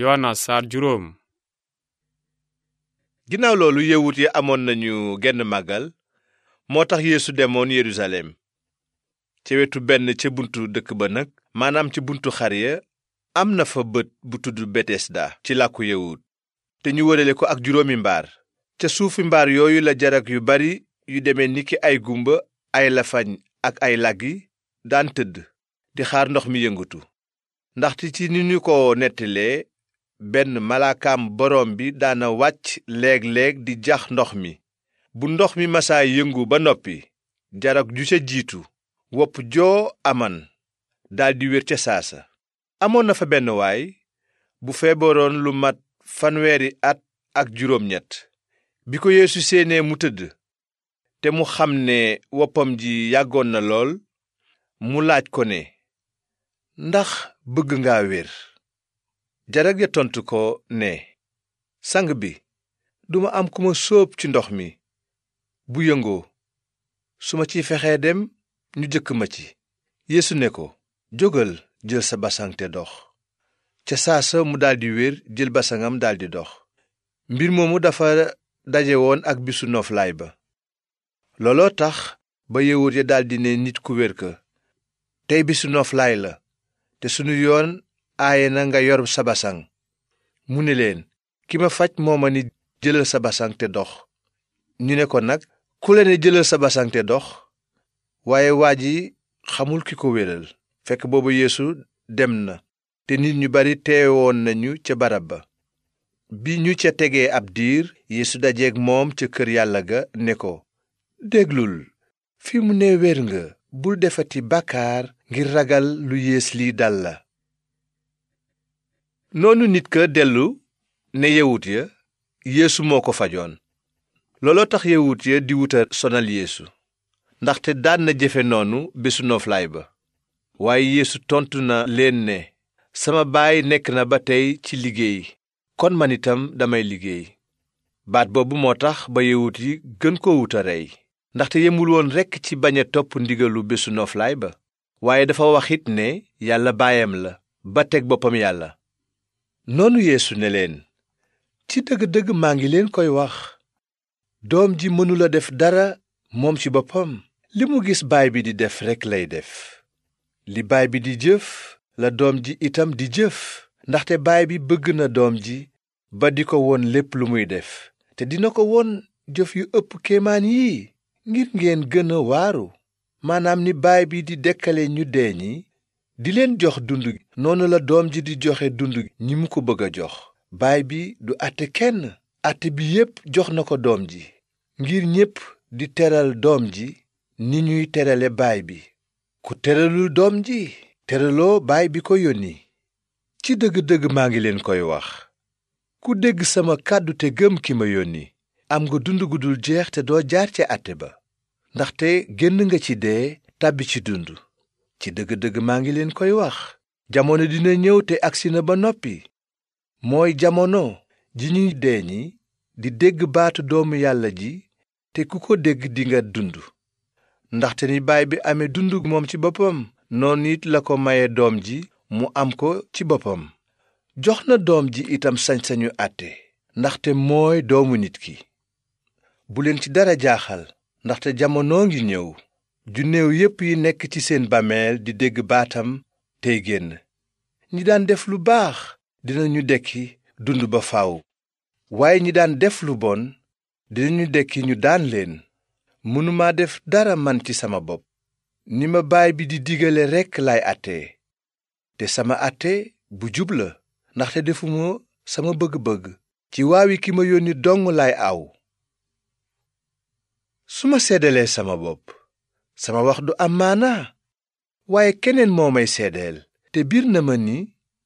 yoona saar juróom ginnaaw loolu yewut yi amoon nañu genn màggal moo tax yéesu demoon yerusalem ca wetu benn ca buntu dëkk ba nag maanaam ci buntu xar ya am na fa bët bu tudd betesda ci làkku yewut te ñu wërale ko ak juróomi mbaar ca suufi mbaar yooyu la jarag yu bari yu deme niki ay gumba ay lafañ ak ay laggi daan tëdd di xaar ndox mi yëngatu ndaxte ci ni ñu ko nettalee benn malaakaam boroom bi daana wàcc léeg-léeg di jax ndox mi bu ndox mi masaa yëngu ba noppi jarag ju ca jiitu wopp joo aman daldi wér ca saasa amoon na fa benn waay bu feebaroon lu mat fanweeri at ak juróom ñett bi ko yeesu séenee mu tëdd te mu xam ne woppam ji yàggoon na lool mu laaj ko ne ndax bëgg nga wér jarag ja tontu ko ne sang bi duma am ku ma soob ci ndox mi bu yëngoo su ma ciy fexee dem ñu jëkk ma ci yeesu ne ko jógal jël sa basaŋ te dox ca saasa mu daldi wér jël basaŋam daldi dox mbir moomu dafa daje woon ak bisu nooflaay ba looloo tax ba yëwut ya daldi ne nit ku wér ka tey bisu nooflaay la te sunu yoon aaye na nga yor sa basang mu ni leen ki ma faj moo ma ni jëlal sa basang te dox ñu ne ko nag ku la ne jëlal sa basang te dox waaye waa ji xamul ki ko wéral fekk boobu yéesu dem na te nit ñu bari teewoon nañu ca barab ba bi ñu ca tegee ab diir yeesu dajeeg moom ca kër yàlla ga ne ko déglul fi mu ne wér nga bul defati bàkkaar ngir ragal lu yées lii dal la noonu nit ka dellu ne yewut ya yeesu moo ko fajoon looloo tax yewut ya di wuta sonal yeesu ndaxte daan na jëfe noonu bésu nooflaay ba waaye yeesu tontu na leen ne sama baay nekk na ba tey ci liggéey kon man itam damay liggéey baat boobu moo tax ba yewut yi gën ko wuta rey ndaxte yëmul woon rekk ci bañ a topp ndigalu bésu nooflaay ba waaye dafa waxit ne yàlla baayam la ba teg boppam yàlla noonu yéesu ne leen ci dëgg-dëgg maa ngi leen koy wax doom ji mënula def dara moom ci boppam li mu gis baay bi di def rekk lay def li baay bi di jëf la doom ji itam di jëf ndaxte baay bi bëgg na doom ji ba di ko won lépp lu muy def te dina ko won jëf yu ëpp kéemaan yii ngir ngeen gën a waaru maanaam ni baay bi di dëkkale ñu dee ñi di leen jox dund noonu la doom ji di joxe dund gi ñi mu ko bëgg a jox baay bi du àtte kenn àtte bi yépp jox na ko doom ji ngir ñépp di teral doom ji ni ñuy terale baay bi ku teralul doom ji teraloo baay bi ko yónni ci dëgg-dëgg maa ngi leen koy wax ku dégg sama kàddu te gëm ki ma yónni am nga dund gu dul jeex te doo jaar ca àtte ba ndaxte génn nga ci dee tàbbi ci dund ci dëgg-dëgg maa ngi leen koy wax jamono dina ñëw te agsi na ba noppi mooy jamono ji ñuy dee ñi di dégg baatu doomu yàlla ji te ku ko dégg dinga dund ndaxte ni baay bi amee dund moom ci boppam noonu it la ko maye doom ji mu am ko ci boppam jox na doom ji itam sañ-sañu àtte ndaxte mooy doomu nit ki bu leen ci dara jaaxal ndaxte jamono ngi ñëw ju néew yépp yi nekk ci seen bàmmeel di dégg baatam tey génn ñi daan def lu baax dinañu dekki dund ba faw waaye ñi daan def lu bon dinañu dekki ñu daan leen mënumaa def dara man ci sama bopp ni ma baay bi di digale rekk laay àtte te sama àtte bu jub la ndaxte defuma sama bëgg-bëgg ci waawi ki ma yónni dong laay aw su seddalee sama bopp sama wax du am maanaa waaye keneen moo may seedeel te biir na ma ni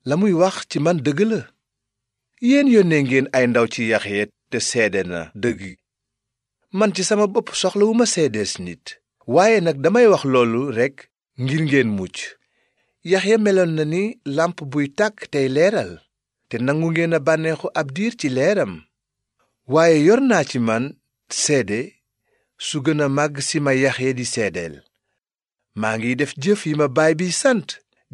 la muy wax ci man dëgg la yéen yónnee ngeen ay ndaw ci Yaxya te seede na dëgg man ci sama bopp soxlawu ma seedees nit waaye nag damay wax loolu rekk ngir ngeen mucc Yaxya meloon na ni làmp buy tàkk tey leeral te nangu ngeen a bànneexu ab diir ci leeram waaye yor naa ci man seede su gën a màgg si ma Yaxya di seedeel maa ngi def jëf yi ma baay bi sant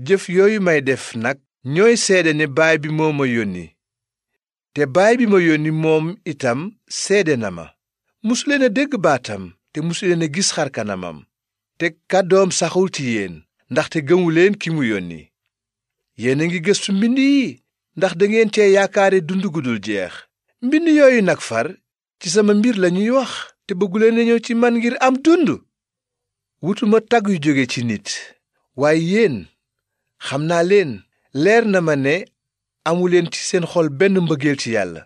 jëf yooyu may def nag ñooy seede ne baay bi moo ma yónni te baay bi ma yónni moom itam seede na ma musuleen a dégg baatam te musuleen a gis xar kanamam te kàddoom saxul ci yéen ndaxte gëmuleen ki mu yónni yéen a ngi gëstu mbind yi ndax dangeen cee yaakaare dund gudul jeex mbind yooyu nag far ci sama mbir lañuy wax te bëgguleen a ñëw ci man ngir am dund ma tagg yu jóge ci nit waaye yéen xam naa leen leer na ma ne amuleen ci seen xol benn mbëggeel ci yàlla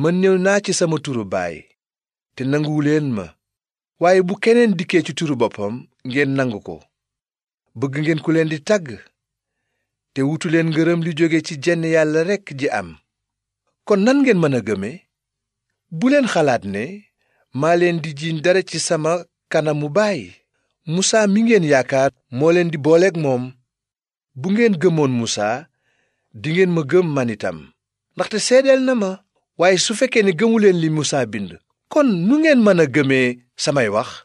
mën ñëw naa ci sama turu baay te nanguwuleen ma waaye bu keneen dikkee ci turu boppam ngeen nangu ko bëgg ngeen ku leen di tagg te wutuleen ngërëm li jóge ci jenn yàlla rekk ji am kon nan ngeen mën a gëme bu leen xalaat ne maa leen di jiiñ dara ci sama kanam mu baay musaa mi ngeen yaakaar moo leen di booleeg moom bu ngeen gëmoon musaa dingeen ma gëm man itam ndaxte seedeel na ma waaye su fekkee ne gëmuleen li musaa bind kon nu ngeen mën a gëmee samay wax